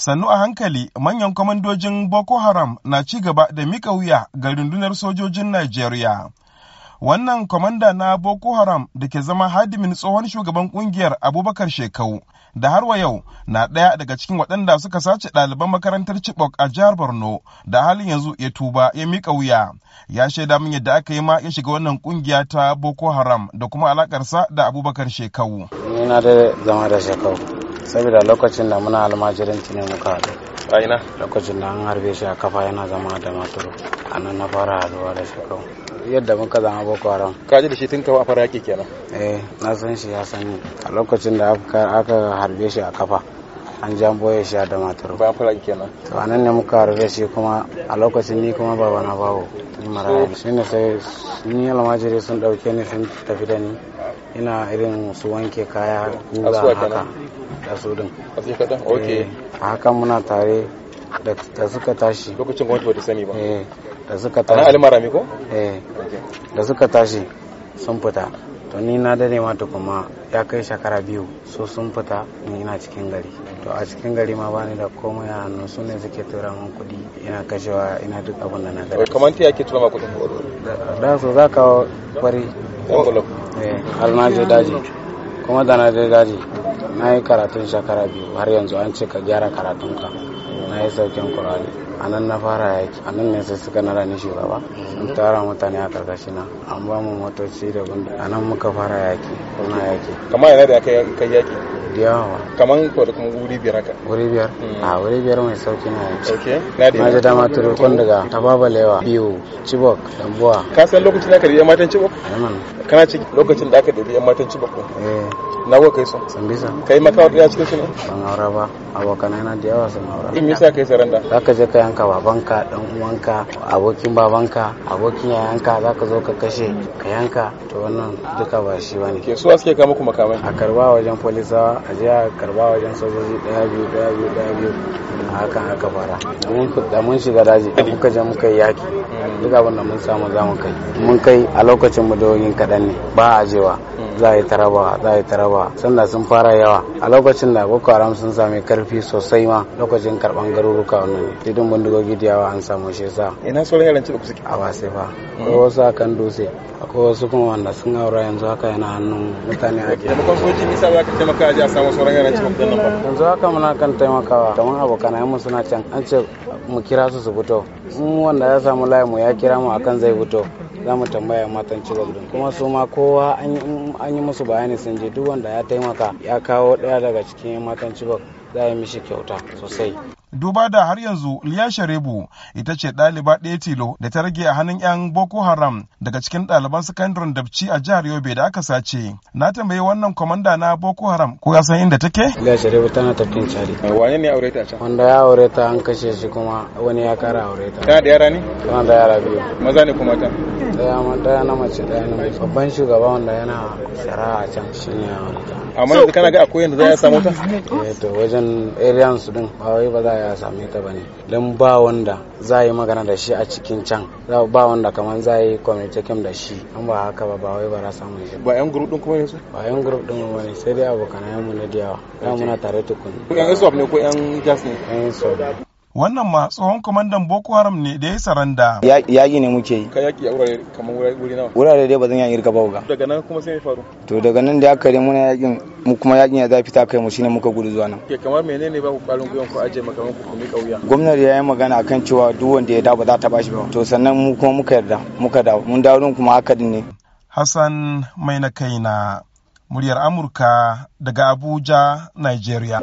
sannu a hankali manyan kwamandojin boko haram na ci gaba da mika wuya ga rundunar sojojin najeriya wannan kwamanda na boko haram da ke zama hadimin tsohon shugaban kungiyar abubakar shekau da har wa yau na ɗaya daga cikin waɗanda suka sace ɗaliban makarantar chibok a jihar borno da halin yanzu ya tuba ya mika wuya ya shaida min yadda aka yi ma ya shiga wannan kungiya ta boko haram da kuma alakarsa da abubakar shekau ni da zama da shekau saboda lokacin da muna almajiranci ne muka haɗu aina lokacin da an harbe shi a kafa yana zama da maturu a nan na fara haɗuwa da shi yadda muka zama boko haram ka ji da shi tun kawo a fara yaki kenan eh na san shi ya sani a lokacin da aka harbe shi a kafa an jan boye shi a da maturu ba fara kenan to a nan ne muka harbe shi kuma a lokacin ni kuma baba na babu ni shi ne sai ni almajiri sun dauke ni sun tafi da ni ina irin su wanke kaya guga haka da su din eh, a haka muna tare da suka tashi lokacin gwamnati wata ta sani ba eh, da suka tashi ana mi ko eh da suka tashi sun fita to ni na dare ma kuma ya kai shekara biyu so sun fita ni ina cikin gari to a cikin gari ma bani da komai a hannu su ne suke tura min kuɗi ina kashewa ina duk abin da na gari kamar ta yake tura ma kuɗin da so za ka kwari Eh, har na je daji kuma da na je daji na yi karatun shekara biyu har yanzu an ce ka gyara karatunka na yi saukin kurari a nan na fara yaki a nan ne sai suka nada ni shugaba sun tara mutane a karkashi na an ba mu motoci da gundu a nan muka fara yaki kuna yaki kama yana da aka kai yaki Diawa. yawa kaman ko da kuma wuri biyar ka wuri biyar hmm. a wuri biyar mai sauki na yaki na ji dama turukun daga tababalewa biyu chibok buwa. ka san lokacin da aka riya matan chibok eh, kana ciki lokacin da aka da matan chibok eh. na kuka kai san bisa kai maka wata cikin shi ne ban aura ba abokanai na da yawa sun aura in eh, yasa kai saranda zaka je kai yayanka babanka dan uwanka abokin babanka abokin yayanka zaka zo ka kashe ka yanka to wannan duka ba shi bane ke su suke kama kuma makamai a karba wajen polisawa a je a karba wajen sojoji daya biyu daya biyu daya biyu a hakan haka fara da mun shiga daji da muka je muka yi yaki mm. duk abin da mun samu za mu kai mun kai a lokacin mu dogin kaɗan ne ba a jewa mm. za a yi taraba za a yi taraba sanda sun fara yawa a lokacin da boko haram sun sami karfi sosai ma lokacin karban garuruka wannan didin bindigogi da yawa an samu shi sa ina sauran yaran ci da kusa a ba sai fa hmm. akwai wasu a kan dutse akwai wasu kuma wanda sun aura yanzu haka yana hannun mutane a gefe taimakon soji nisa za ka taimaka a samu sauran yaran ci da nan yanzu haka muna kan taimakawa kamar abokan mu suna can an ce mu kira su su fito mu wanda ya samu layi mu ya kira mu akan zai fito za mu tambaya matan cibok din kuma su ma kowa an yi musu bayani sun je duk wanda ya taimaka ya kawo daya daga cikin matan cibok za a yi mishi kyauta sosai duba da har yanzu liya sharebu ita ce ɗaliba ɗaya tilo da ta rage a hannun 'yan boko haram daga cikin ɗaliban sakandaren dabci a jihar yobe da aka sace na tambayi wannan kwamanda na boko haram ko ya san inda take liya sharebu tana tafkin cari wani ne aure ta can wanda ya aure ta an kashe shi kuma wani ya kara aure ta tana da yara ne tana da yara biyu maza ne kuma ta daya daya na mace daya na mace babban shugaba wanda yana shara a can shine ya aure ta amma yanzu kana ga akwai yanda za a samu ta eh to wajen area su din ba wai ba za ya same ta bane don ba wanda za yi magana da shi a cikin can ba wanda kamar za yi communication da shi an ba haka ba ba wai ba rasa mai shi ba yan group din kuma yanzu ba yan group din kuma ne sai dai abokan mu na diyawa ya muna tare tukun yan swap ne ko yan jas ne yan swap wannan ma tsohon kwamandan boko haram ne da ya saranda yaƙi ne muke yi ka yaki a wurare kamar wurare nawa wurare dai ba zan yi ka ba daga nan kuma sai ya faru to daga nan da aka yi muna yakin mu kuma yakin ya zafi ta kai mu shine muka gudu zuwa nan. kamar menene ba ku kwalin gwiwan ku ajiye makaman ku kuma kauya. Gwamnati ya yi magana a kan cewa duk wanda ya dawo ba za ta bashi ba. To sannan mu kuma muka yarda muka dawo mun dawo kuma haka ne. Hassan mai na kaina muryar Amurka daga Abuja, Nigeria.